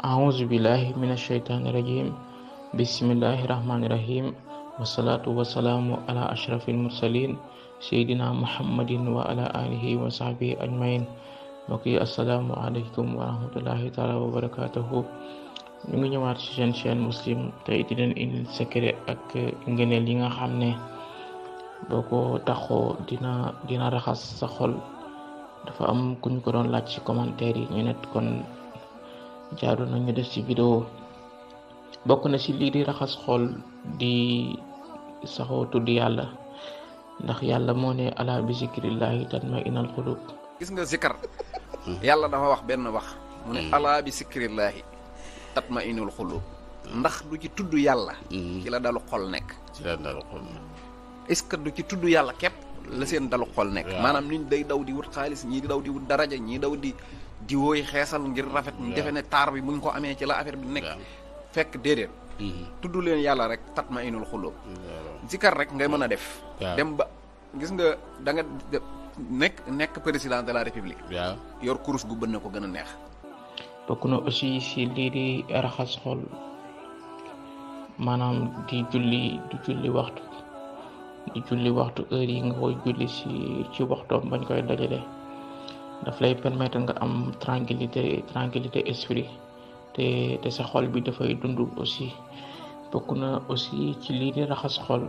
أعوذ بالله من الشيطان الرجيم بسم الله الرحمن الرحيم والصلاة والسلام على أشرف المرسلين سيدنا محمد وعلى آله وصحبه أجمعين وكي السلام عليكم ورحمة الله تعالى وبركاته نيغي نيوات سي سين سين مسلم تاي دي لن اندي سيكري اك غني ليغا خامني بوكو تاخو دينا دينا رخص سا خول دا فا ام كون كو دون jaaru ñu def ci vidéo bokk na ci lii di raxas xol di saxoo tudd yàlla ndax yàlla moo ne ala bi zikrillahi tatma inal xulub gis nga zikar yàlla dafa wax benn wax mu ne mm. ala bi zikrillahi tatma inul mm. ndax du ci tudd yàlla mm. ci la dalu xol nekk ci ce que du ci tudd yàlla képp la seen dalu xol nekk maanaam nit day daw di wut xaalis ñii di daw di wut daraja ñii daw di woy xéssal ngir rafet ñu défé né tar bi buñ ko amé ci la affaire bi nek fekk dédé mm-hmm. tuddu leen yalla rek tatma inul khulub zikar rek ngay mëna def dem ba gis nga da nga nek nek président de la république yor kurus gu bëne ko gëna neex bokk aussi si lii di raxas xol manam di julli di julli waxtu di julli waxtu heure yi nga koy julli si ci waxtu bañ koy dajalé daf lay permettre nga am tranquillité tranquillité esprit te te sa xol bi dafay dund aussi bokk na aussi ci lii di raxas xol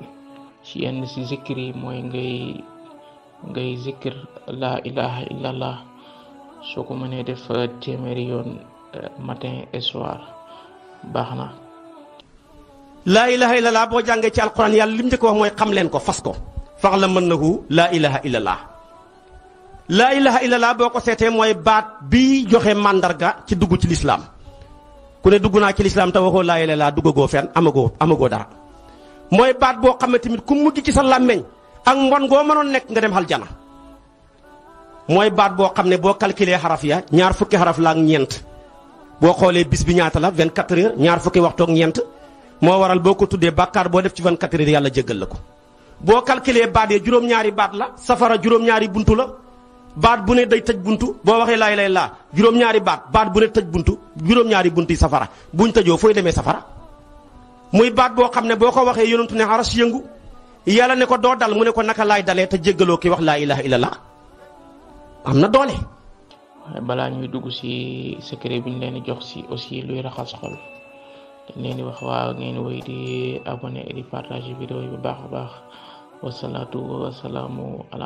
ci yenn si zikir yi mooy ngay ngay zikir laa ilaha illallah soo ko mënee def euh, téeméeri yoon euh, matin et baax na. laa ilaha illallah boo jàngee ci alquran yàlla lim njëkk wax mooy xam leen ko fas ko fax la mën na ko laa ilaha illallah. laa ilaha illallah boo ko seetee mooy baat bi joxe màndarga ci dugg ci lislaam ku ne dugg naa ci lislaam te waxoo laa ilaha duggagoo fenn amagoo amagoo dara mooy baat boo xam ne tamit ku mujj ci sa làmmeñ ak mbon goo mënoon nekk nga dem aljana mooy baat boo xam ne boo calculé xaraf ya ñaar fukki xaraf la ak ñeent boo xoolee bis bi ñaata la 24 heures ñaar fukki waxtoog ñeent moo waral boo ko tuddee bàkkaar boo def ci 24 heures yàlla jéggal la ko boo calculé baat juróom-ñaari baat la safara juróom-ñaari buntu la baat bu ne day tëj buntu boo waxee laay lay laa juróom-ñaari baat baat bu ne tëj buntu juróom-ñaari buntu yi safara buñ tëjoo fooy demee safara muy baat boo xam ne boo ko waxee yonentu ne aras yëngu yàlla ne ko doo dal mu ne ko naka laay dalee te jéggaloo ki wax laa ilaha illallah am na doole. balaa ñuy dugg si secret bi ñu leen di jox si aussi luy raxas xol dañ leen wax waaw ngeen woy di abonné et di partager vidéo yi bu baax a baax wasalaatu wasalaamu ala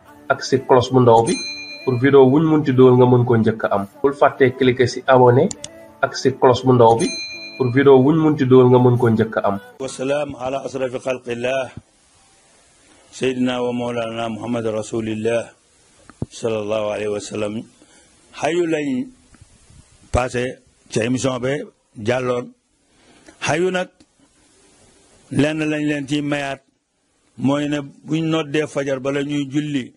ak ci cloche bu ndaw bi pour vidéo wuñ munti dool nga mën ko njëkk am bul fàtte cliquer ci abonné ak ci cloche bu ndaw bi pour vidéo wuñ munti dool nga mën ko njëkk am wassalam ala asrafi khalqillah sayyidina wa maulana muhammad rasulillah sallallahu alayhi wa sallam hayu lañ passé ci émission bé jallon hayu nak lenn lañ leen ci mayat moy ne buñ noddé fajar bala ñuy julli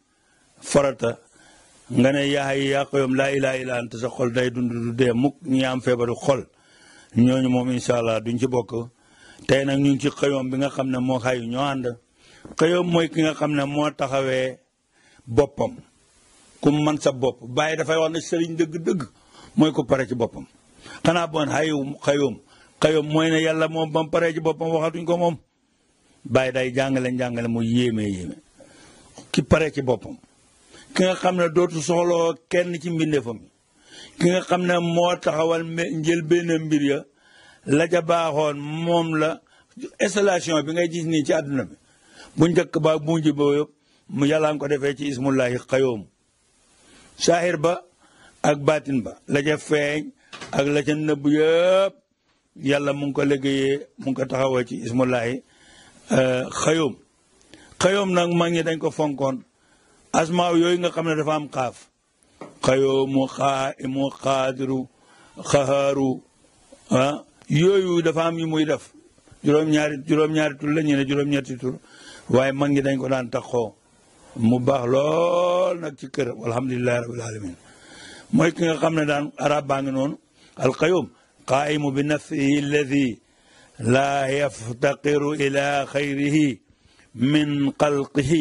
farata nga ne yaa hayyu yaa qayyuum laa ilaaha illaa anta sa xol day dund du dee mukk ñi am feebaru xol ñooñu moom incha allah duñ ci bokk tey nag ñu ngi ci qayyuum bi nga xam ne moo hayyu ñoo ànd mooy ki nga xam ne moo taxawee boppam ku man sa bopp bàyyi dafay wax ne sëriñ dëgg-dëgg mooy ko pare ci boppam xanaa bon hayyu qayyuum qayyuum mooy ne yàlla moom ba mu paree ci boppam waxatuñ ko moom bay day jàngale jàngale mu yéeme yéeme ki pare ci boppam. ki nga xam ne dootu soxloo kenn ci mbindeefam ki nga xam ne moo taxawal njëlbéen mbir ya la ja moom la installation bi ngay gis nii ci àdduna bi bu njëkk ba bu mujj ba mu yàlla ko defee ci ismullahi xayoom saahir ba ak baatin ba la ja feeñ la ca mu ngi ko liggéeyee mu ngi ko taxawee ci ismullahi euh, xayoom xayoom nag mag ñi dañ ko fonkoon أسمع يوينغ كمن رفام قاف قيو مقا إمو قادر خهارو ها يوي دفام يمو يدف جروم نيار جروم نيار تولا نينا جروم نيار تولا واي مانجي دان كو دان تخو مباح لول نك سي كير والحمد لله رب العالمين موي كيغا خامنا دان عرب باغي نون القيوم قائم بنفسه الذي لا يفتقر الى خيره من قلقه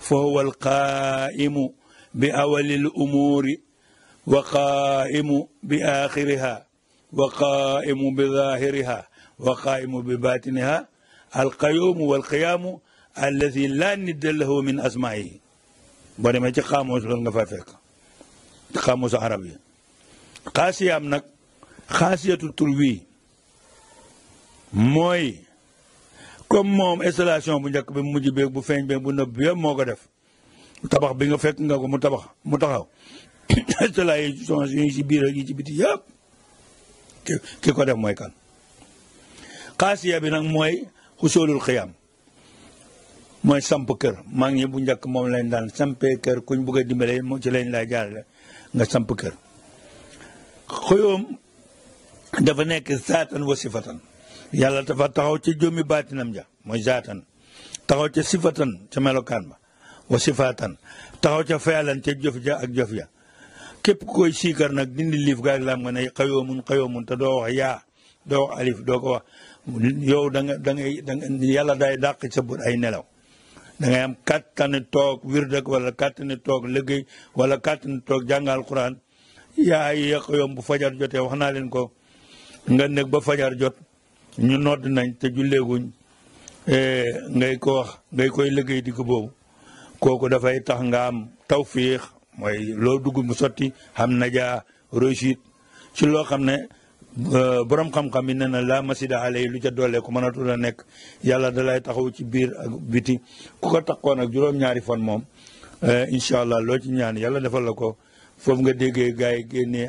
فهو القائم بأول الأمور وقائم بآخرها وقائم بظاهرها وقائم بباطنها القيوم والقيام الذي لا ند له من أسمائه بني ما تقاموا xaamuus loolu تقاموا عربي قاسي أمنك arab التلوي موي comme mom installation bu njëkk bi mujj beeg bu feñ beeg bu nëb bi moko def tabax bi nga fekk nga ko mu tabax mu taxaw cela yi sont yi ci biir ak yi ci biti yëpp ki ko def moy kan qasiya bi nak moy xusoolul qiyam moy samp keur ma ngi bu njëkk mom lañ dal sampee keur kuñ bëgg dimbalé mo ci lañ lay jaarale nga samp keur xëyoom dafa nek saatan wa sifatan yàlla dafa taxaw ca jëmmi baatinam ja mooy zaatan taxaw ca sifatan ca melokaan ba wa sifatan taxaw ca feelan ca jëf ja ak jëf ja képp ku koy siikar nag dindi liif gaag laam nga ne xayoomun xayoomun te doo wax ya doo wax alif doo ko wax yow da nga da ngay da yàlla day dàq sa bët ay nelaw da ngay am kàttani toog wird ak wala kàttani toog liggéey wala kàttani toog jàngal Alquran yaa yi bu fajar jotee wax naa leen ko nga nekk ba fajar jot. ñu nodd nañ te julleeguñ eh, ngay ko wax ngay koy liggéey digg boobu kooku dafay tax nga am tawfiix mooy loo dugg mu sotti xam najaa réussite ci loo xam ne eh, borom xam-xam yi nee na laa masida alay lu ca doole ku mënatu la nekk yàlla dalay taxaw ci biir ak biti ku ko takkoon ak juróom-ñaari fan moom eh, incha allah loo ci ñaan yàlla defal la ko foofu nga déggee gars yi génnee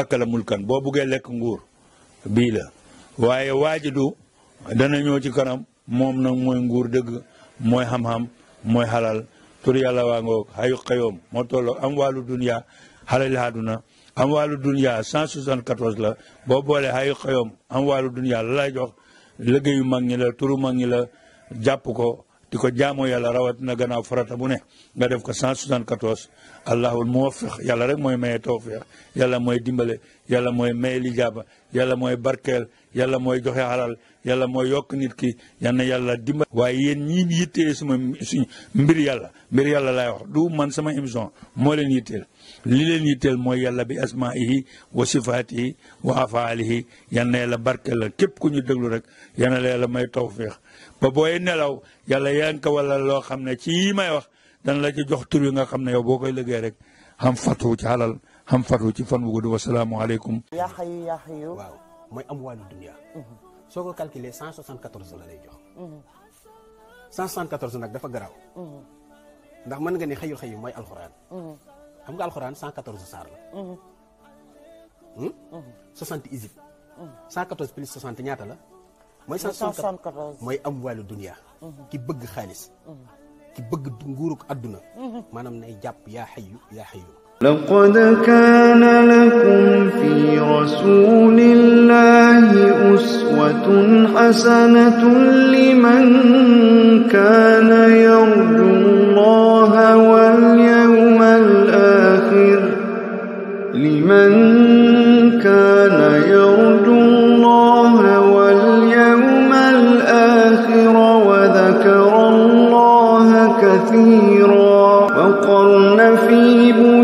akalamulkan boo buggee lekk nguur bii la waaye waaji du dana ñëw ci kanam moom nag mooy nguur dëgg mooy xam-xam mooy xalal tur yàlla waa ngoog xayu xayoom moo tollo am wàllu dunya xalali àdduna am wàllu dunya 174 la boo boolee xayu xayoom am wàllu dunya la lay jox mag ñi la turu mag ñi la jàpp ko di ko jaamoo yàlla rawatina gannaaw farata bu ne nga def ko 174 allahul muwaffiq yàlla rek mooy maye tawfiq yàlla mooy dimbale yàlla mooy may li jaaba yàlla mooy barkeel yàlla mooy joxe alal yàlla mooy yokk nit ki yal na yàlla dimbal waaye yéen ñii yittee suma suñu mbir yàlla mbir yàlla laay wax du man sama émission moo leen yitteel li leen yitteel mooy yàlla bi asmaihi wa sifaatihi wa afaalihi yal na yàlla barkeel la képp ku ñu déglu rek yal na yàlla may tawfiix ba booy nelaw yàlla yanka wala loo xam ne ci may wax dana la ci jox tur yi nga xam ne yow boo koy liggéey rek xam fatu ci halal xam fatu ci fan wu gudd wasalaamualeykum. yaa xayu yaa xayu. waaw mooy am wàllu dunya. Mhm. soo ko calculé 174 la lay jox. 174 mhm. nag dafa garaaw. Mhm. ndax mën nga ni xayul xayu mooy alxuraan. xam nga alxuraan 114 saar la. 60 hmm? isib. 114 plus 60 ñaata la. mooy 174 mooy am wàllu dunya. ki bëgg xaalis. لقد كان لكم في رسول الله أسوة حسنة لمن كان يرجو الله واليوم الآخر لمن كثيرا وقرن في بيوتكم